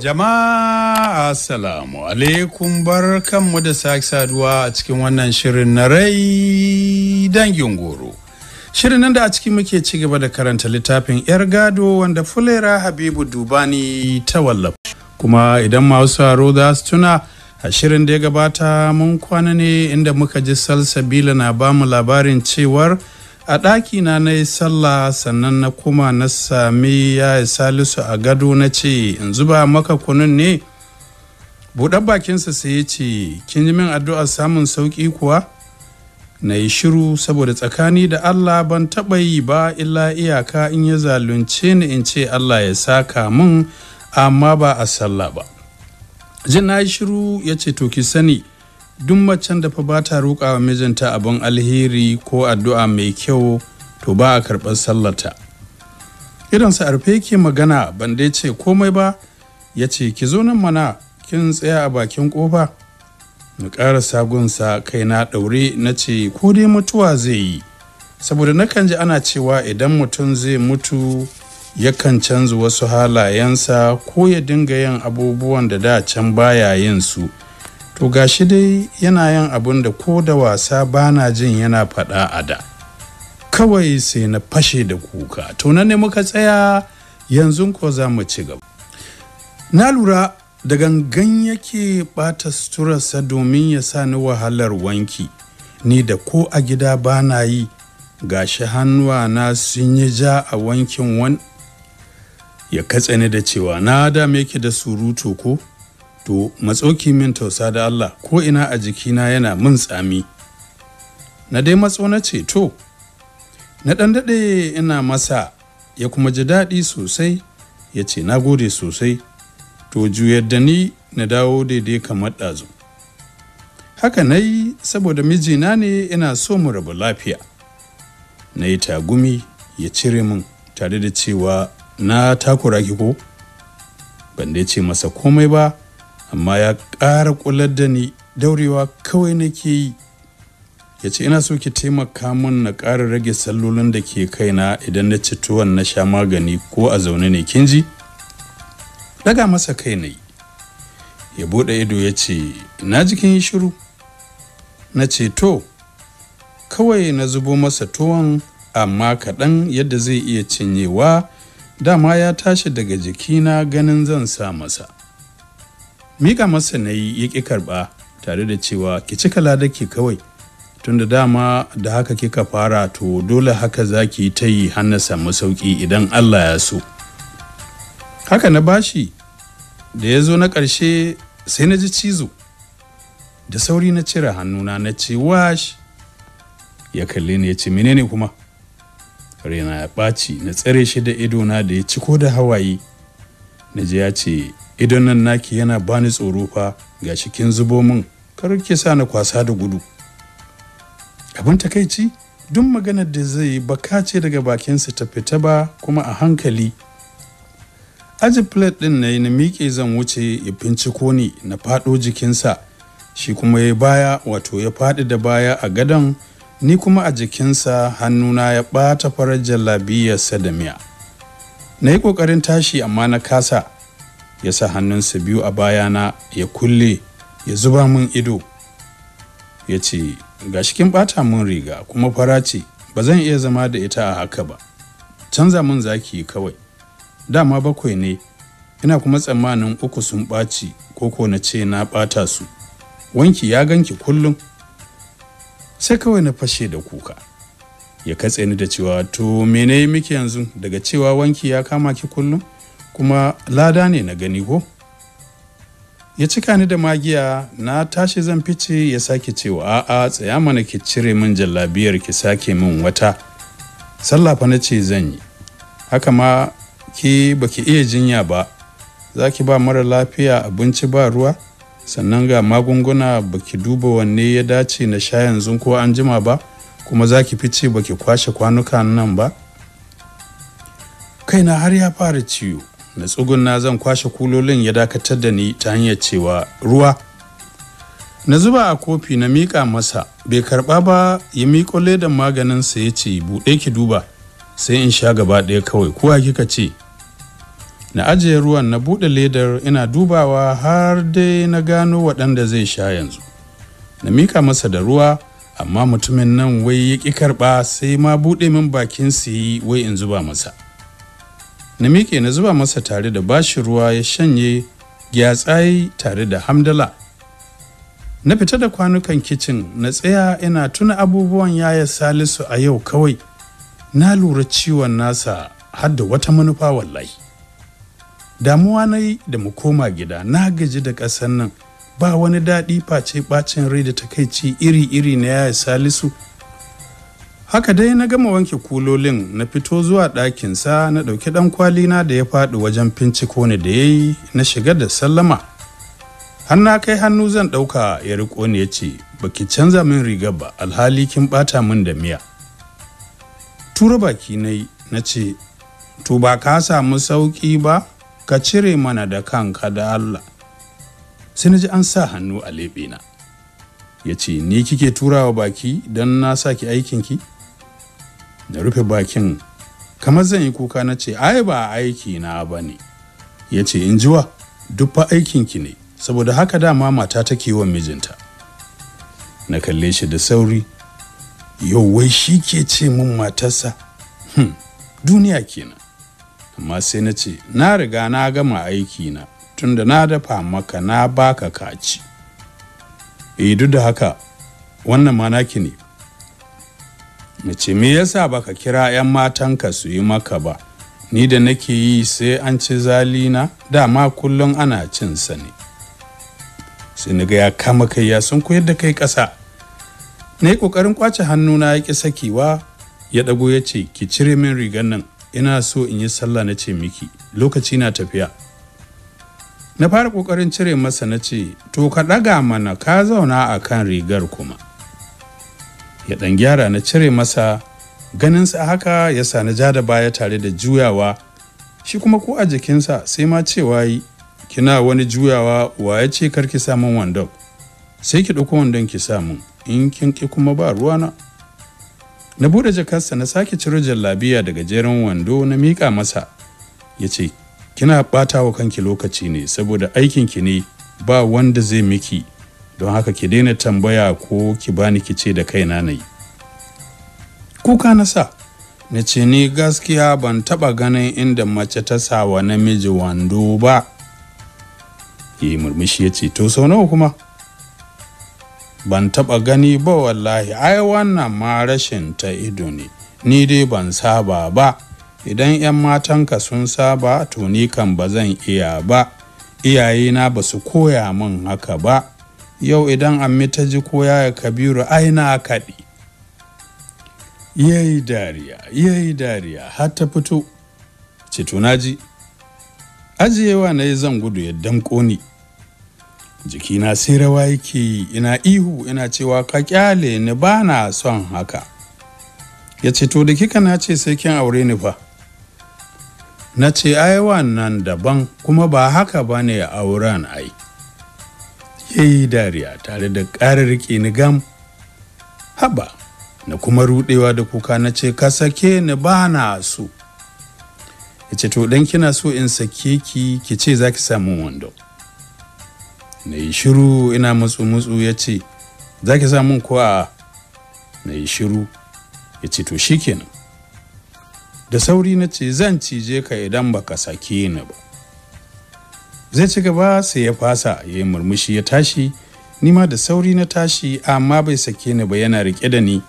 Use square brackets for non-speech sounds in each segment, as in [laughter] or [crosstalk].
Jama'a Assalamu alaikum bar kanmu da sake saduwa a cikin wannan shirin na rai dangin goro. Shirin nan da a ciki muke ci gaba da karanta littafin 'yar gado wanda Fulera Habibu Dubani ta wallafa. Kuma idan masu haro za su tuna a shirin da ya gabata mun kwana ne inda muka ji salsabila na bamu labarin cewar a ɗakina na yi sallah sannan na kuma na sami ya yi salisu a gado na ce in zuba maka kunun ne buɗar bakinsa sai ya ce kin ji min addu'ar samun sauƙi kuwa na yi shiru saboda tsakani da allah ban taɓa yi ba illa iyaka in ya zalunce ni in ce allah ya saka min amma ba a sallah ba jin na yi shiru ya ce to ki sani duk macen da fa ba ta roƙa wa mijinta abin alheri ko addu'a mai kyau to ba a karɓar sallarta irinsa arfe ke magana ban dai ce komai ba ya ce ki zo nan mana kin tsaya a bakin ƙofa na ƙara sagunsa kai na ɗaure na ce ko dai mutuwa zai yi saboda na kan ji ana cewa idan mutum zai mutu yakan canza wasu halayensa ko ya dinga yin abubuwan da da can baya yin su to gashi dai yana yin abin da ko da wasa bana jin yana faɗa a da kawai sai na fashe da kuka to nan ne muka tsaya yanzu ko za mu ci gaba na lura da gangan yake ɓata suturarsa domin ya sa ni wahalar wanki ni da ko a gida bana na yi gashi hannuwa na sun yi ja a wankin wani. ya katse da cewa na dame ki da surutu ko to matsoki min tausa da Allah ko ina a jikina yana min tsami na dai matso na ce to na ɗan daɗe ina masa ya kuma ji daɗi sosai ya ce na gode sosai to juyar da ni na dawo daidai kamar ɗazu haka na yi saboda mijina ne ina so mu rabu lafiya na yi tagumi ya cire min tare da cewa na takura ki ko ban dai ce masa komai ba amma ya ƙara ƙular da ni daurewa kawai nake yi ya ce ina so ki taimaka min na ƙara rage sallolin da ke kaina idan na ci tuwon na sha magani ko a zaune ne kin ji daga masa kai na yi. ya buɗe ido ya ce na jikin yi shiru na ce to kawai na zubo masa tuwon amma kaɗan yadda zai iya cinyewa dama ya tashi daga jikina ganin zan sa masa Mika masa na yi ya ƙi karɓa tare da cewa ki cika ke kawai tunda dama da haka kika fara to dole haka za ki ta yi har samu sauƙi idan Allah ya so. Haka na bashi da ya zo na ƙarshe sai na ji cizo da sauri na cire hannuna na ce wash ya kalle ni ya ce menene kuma raina ya ɓaci na tsare shi da idona da ya ciko da hawaye na ji ya ce idan nan naki yana bani tsoro fa ga kin zubo min kar ki sa na kwasa da gudu abin takaici duk maganar da zai yi baka ce daga bakinsa ta fita ba kuma a hankali aji plate din na yi na miƙe zan wuce ya binciko ni na faɗo jikinsa shi kuma ya baya wato ya faɗi da baya a gadon ni kuma a jikinsa hannuna ya ɓata farar jallabiyarsa da miya na yi ƙoƙarin tashi amma na kasa ya sa hannunsa biyu a bayana ya kulle ya zuba min ido ya ce ga shikin ɓata min riga kuma fara ce ba zan iya zama da ita a haka ba canza min zaki kawai dama bakwai ne ina kuma tsammanin uku sun ɓaci ko na ce na ɓata su wanki ya ganki kullum sai kawai na fashe da kuka ya katse ni da cewa to mene miki yanzu daga cewa wanki ya kama ki kullum kuma lada ne na gani ko ya cika ni da magiya na tashi zan fice ya sake cewa a'a tsaya mana ki cire min jallabiyar ki sake min wata sallah fa nace zan yi haka ma ki baki iya jinya ba za ki ba mara lafiya abinci ba ruwa sannan ga magunguna baki duba wanne ya dace na sha yanzu ko an jima ba kuma za ki fice baki kwashe kwanuka nan ba kaina har ya fara ciwo na tsuguna zan kwashe kulolin ya dakatar da ni ta hanyar cewa ruwa na zuba a kofi na miƙa masa bai karɓa ba ya miƙo ledan maganinsa ya ce buɗe ki duba sai in sha gaba ɗaya kawai kuwa kika ce na ajiye ruwan na buɗe ledar ina dubawa har dai na gano waɗanda zai sha yanzu na miƙa masa da ruwa amma mutumin nan wai ya ƙi karɓa sai ma buɗe min bakin su yi wai in zuba masa na miƙe na zuba masa tare da bashi ruwa ya shanye gyatsayi tare da hamdala na fita da kwanukan kicin na tsaya ina tuna abubuwan yaya salisu a yau kawai na lura ciwon nasa har da wata manufa wallahi damuwa na yi da mu koma gida na gaji da ƙasar nan ba wani daɗi face ɓacin rai da takaici iri-iri na yaya salisu haka dai na gama wanke kulolin na fito zuwa ɗakinsa na ɗauki ɗan kwalina da ya faɗi wajen finciko ni da ya yi na shiga da sallama har kai hannu zan ɗauka ya riko ni ya ce "Ba ki canza min rigar ba alhali kin ɓata min da miya tura baki na yi na ce to ba ka samu sauƙi ba ka cire mana da kanka da allah sai na ji an sa hannu a leɓena ya ce ni kike turawa baki don na saki aikinki? ki da rufe bakin kamar zan yi kuka na ce ai ba aiki na ba ne ya ce in jiwa duk fa aikinki ne saboda haka dama mata take wa mijinta na kalle shi da sauri yau wai shi ke ce mun matarsa hmm. duniya kenan amma sai na ce na riga na gama aiki na tunda na dafa maka na baka kaci e duk da haka wannan ma naki ne mace me yasa baka kira 'yan matanka su yi maka ba ni da nake yi sai an ci zalina dama kullum ana cin sa ne sai ga ya kama kai ya sun koyar da kai ƙasa na yi ƙoƙarin ƙwace hannuna ya ƙi sakewa ya ɗago ya ce ki cire min rigar nan ina so in yi sallah na ce miki lokaci na tafiya na fara ƙoƙarin cire masa na ce to ka ɗaga mana ka zauna a kan rigar kuma ya dan gyara na cire masa ganinsa haka ya sani ja da baya tare da juyawa shi kuma ko a jikinsa sai ma cewa yi kina wani juyawa wa ya ce karki samun wandon sai ki ɗauko wandon ki samu in kin ki kuma ba ruwa na Na buɗe jakarsa na sake ciro jallabiya daga jerin wando na miƙa masa ya ce kina ɓata wa kanki lokaci ne saboda aikin ki ne ba wanda zai miki don haka ki daina tambaya ko ki bani ki ce da kaina na yi kuka na sa na ce ni gaskiya ban taba ganin inda mace ta sawa namiji wando ba yi murmushi ya ce to sau nawa kuma ban taba gani ba wallahi ai wannan ma rashin ta ido ne ni dai ban saba ba idan 'yan matanka sun saba to ni kan ba zan iya ba iyayena ba su koya min haka ba yau idan ammi ta ji ko yaya kabiru ai na kaɗi yayi dariya yayi dariya har ta fito ceto na ji ajiyewa na yi zan gudu ya damƙo ni jikina sai rawa yake yi ina ihu ina cewa ka kyale ni ba na son haka ya ce to da kika na ce sai kin aure ni fa na ce ai wannan daban kuma ba haka ba ne auren ai ya yi dariya tare da ƙara ni gam haba na kuma rudewa da kuka na ce ka sake ni ba na so ya ce to dan kina so in sake ki ki ce za ki samu wando na yi shiru ina matsu-matsu, ya ce za ki samun ko a na yi shiru ya ce to shikenan da sauri na ce zan cije ka idan baka sake ni ba zai ci gaba sai ya fasa ya yi murmushi ya tashi ni ma da sauri na tashi amma bai sake ni ba yana rike da ni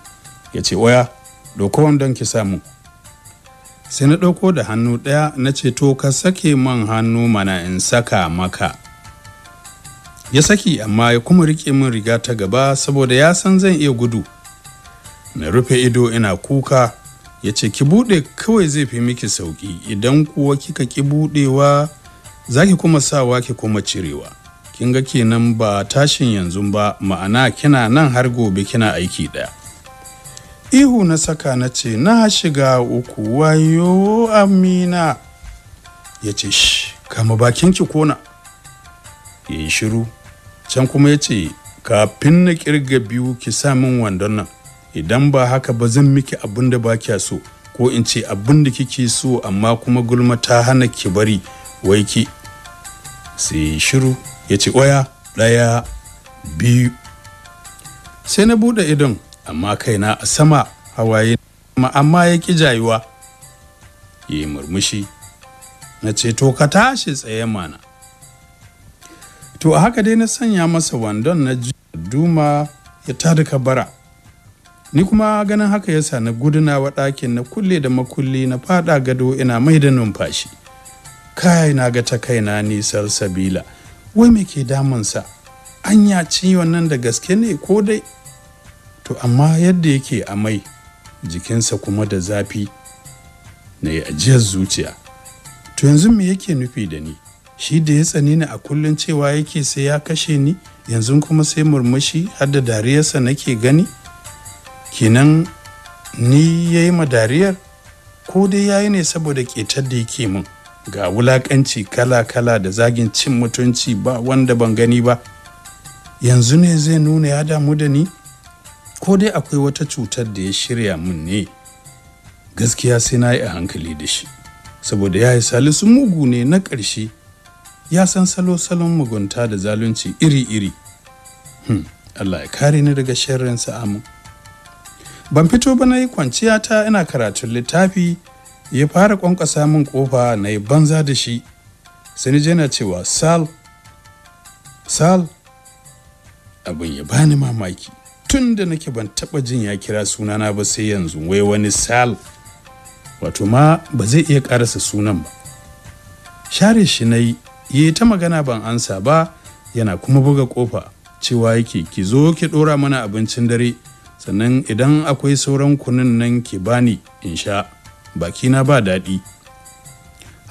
ya ce waya doko wandon ki samu sai na ɗauko da hannu ɗaya na ce to ka sake man hannu mana in saka maka ya saki amma ya kuma rike min riga ta gaba saboda ya san zan iya gudu na rufe ido ina kuka ya ce ki buɗe kawai zai fi miki sauƙi idan kuwa kika ki buɗewa za ki kuma sawa ki kuma cirewa kin ga kenan ba tashin yanzu ba ma'ana kina nan har gobe kina aiki ɗaya ihu na saka na ce na shiga uku wayo amina ya ce shi kama bakin ki kona ya yi shiru can kuma ya ce kafin na kirga biyu ki sa min wandon nan idan ba haka ba zan miki abinda da ba kya so ko in ce abin da kike so amma kuma gulma ta hana ki bari Waiki, ki sai shiru ya ce oya ɗaya biyu sai na buɗe idon amma kaina a sama hawaye amma ya ƙi jayuwa ya yi murmushi na ce to ka tashi tsaye mana to a haka dai na sanya masa wandon na duma ya tada kabara ni kuma ganin haka ya sa na gudunawa ɗakin na kulle da makulli na fada gado ina mai da numfashi kai na ga ta kaina nisar sabila wai me ke damunsa anya ci wannan da gaske ne ko dai to amma yadda yake amai jikinsa kuma da zafi na yi ajiyar zuciya to yanzu me yake nufi da ni shi da ya tsani ni a kullum cewa yake sai ya kashe ni yanzu kuma sai murmushi har da dariyarsa nake gani kenan ni ya yi ma dariyar ko dai ya yi ne saboda ƙetar da yake min ga wulakanci kala-kala da zagin cin mutunci ba wanda ban gani ba yanzu ne zai nuna ya damu da ni ko dai akwai wata cutar da ya shirya mun ne gaskiya sai na yi a hankali da shi saboda ya yi salisu mugu ne na ƙarshe ya san salo-salon mugunta da zalunci iri-iri hmm. allah ya kare ni daga sharrin amin ban fito ba na yi kwanciya ta ina karatun littafi ya fara kwankwasa min kofa na yi banza da shi Sani jana cewa sal sal abin ya bani mamaki tun da nake ban taɓa jin ya kira sunana ba sai yanzu wai wani sal wato ma ba zai iya ƙarasa sunan ba share shi na yi yi ta magana ban ansa ba yana kuma buga ƙofa, cewa yake ki zo ki ɗora mana abincin dare sannan idan akwai sauran kunun nan ki bani in sha bakina ba daɗi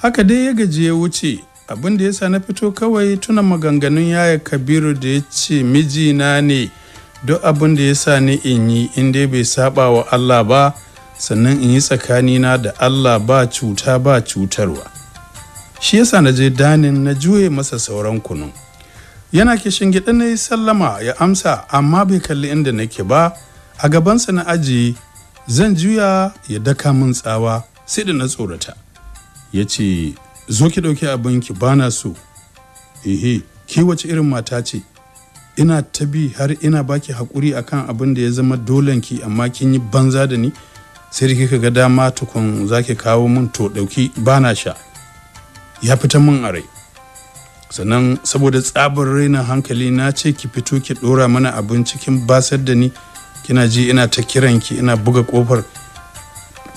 haka dai ya gaji ya wuce abin da yasa na fito kawai tuna maganganun yaya kabiru da ya ce mijina ne duk abin da sa ni in yi in dai bai saba wa allah ba sannan in yi tsakanina da allah ba cuta ba cutarwa shi yasa na je danin na juye masa sauran kunu yana ke shingiɗa na yi sallama ya amsa amma bai kalli inda nake ba a gabansa na ajiye zan juya ya daka min tsawa sai da na tsorata ya ce zo ki ɗauki abin ki bana so ehe ki wace irin mata ce ina ta bi har ina baki haƙuri akan abin da ya zama ki amma kin yi banza da ni sai da kika ga dama tukun za ki kawo min to ɗauki bana sha ya fita min a rai sannan saboda tsabar raina hankali na ce ki fito ki ɗora mana abin cikin basar da ni kina ji ina ta kiran ki ina buga kofar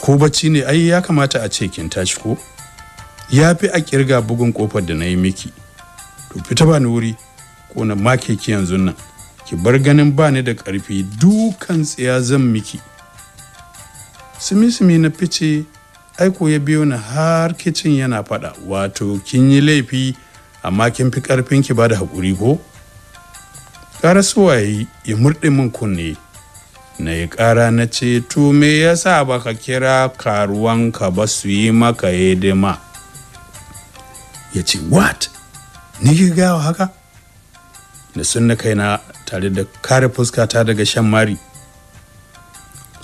ko bacci ne ai ya kamata a ce kin tashi ko ya fi a kirga bugun kofar da na yi miki to fita ba ni wuri ko na make ki yanzu nan ki bar ganin ba ni da ƙarfi dukan tsiya zan miki sumi-sumi na fice ko ya biyo ni har kicin yana faɗa wato kin yi laifi amma kin fi ƙarfinki ki ba da haƙuri ko ƙara yi ya murɗe min kunne na yi ƙara na ce to me yasa baka kira karuwanka ba su yi maka hidima ya ce what ni ki gawa haka da sun na kaina tare da kare fuskata daga shan mari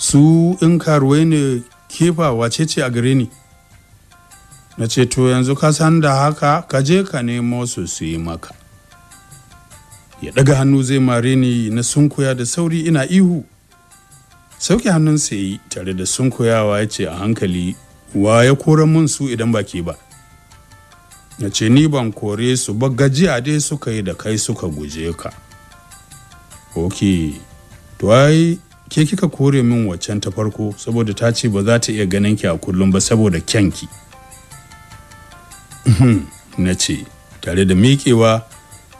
su in karuwai ne kefa wace ce a gare ni na ce to yanzu ka san da haka ka je ka nemo su su yi maka ya daga hannu zai mare ni na sunkuya da sauri ina ihu sauke hannunsa yi tare da sunkuyawa ya ce a hankali wa ya kora mun su idan ba ke ba ya ce ni ban kore su ba gajiya dai suka yi da kai suka guje ka ok to ai ke kika kore min waccan ta farko saboda ta ce ba za ta iya ganin ki a kullum ba saboda kyanki [laughs] na ce tare da miƙewa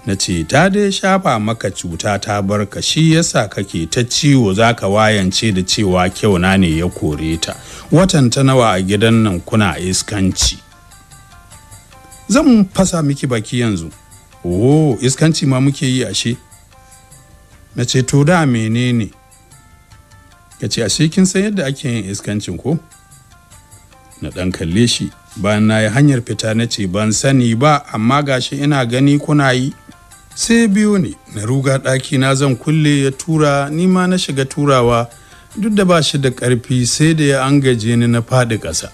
na ce ta dai shafa maka cuta ta barka shi yasa kake ta ciwo zaka wayance da cewa kyauna ne ya kore ta watan ta nawa a gidan nan kuna iskanci zan fasa miki baki yanzu oh iskanci ma muke yi ashe na ce to da menene ya ce ashe kin san yadda ake yin iskancin ko na ɗan kalle shi bayan na yi hanyar fita na ce ban sani ba amma gashi ina gani kuna yi sai biyo ne na ruga ɗaki na zan kulle ya tura ni ma na shiga turawa duk da ba shi da ƙarfi sai da ya an gaje ni na faɗi ƙasa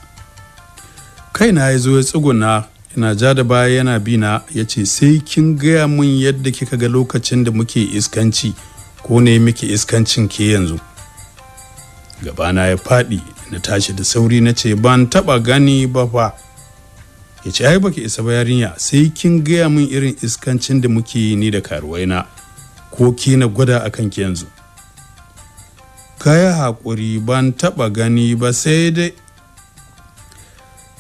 kaina ya zo ya tsuguna ina ja da baya yana bina ya ce sai kin gaya min yadda kika ga lokacin da muke iskanci ko ne muke iskancin ke yanzu gabana ya faɗi na tashi da sauri na ce ban taɓa gani ba fa ya ce ai baki isa ba yarinya sai kin gaya min irin iskancin da muke yi ni da karuwaina ko ki na gwada a ki yanzu kaya hakuri ban taɓa gani ba sai dai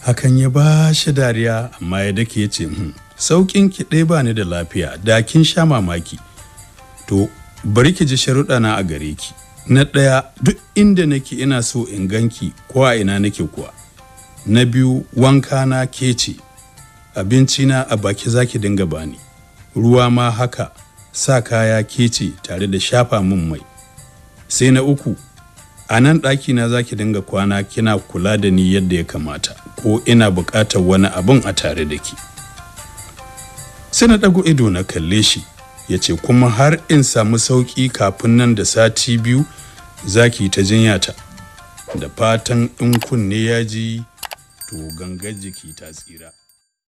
hakan ya ba shi dariya amma ya dake ya ce hmm, saukin ki ɗaya ba ni da lafiya da kin sha mamaki to bari ki ji sharuɗa na a gare ki na ɗaya duk inda nake ina so in ganki ko a ina nake kuwa na biyu wanka na ke abinci na a baki zaki dinga bani ruwa ma haka sa kaya ke tare da shafa min mai sai na uku a nan ɗaki na zaki dinga kwana kina kula da ni yadda ya kamata ko ina buƙatar wani abun a tare da ki sai na ɗago ido na kalle shi ya ce kuma har in samu sauƙi kafin nan da sati biyu zaki ki ta jinyata da fatan in kunne ya ji to gangar jiki ta tsira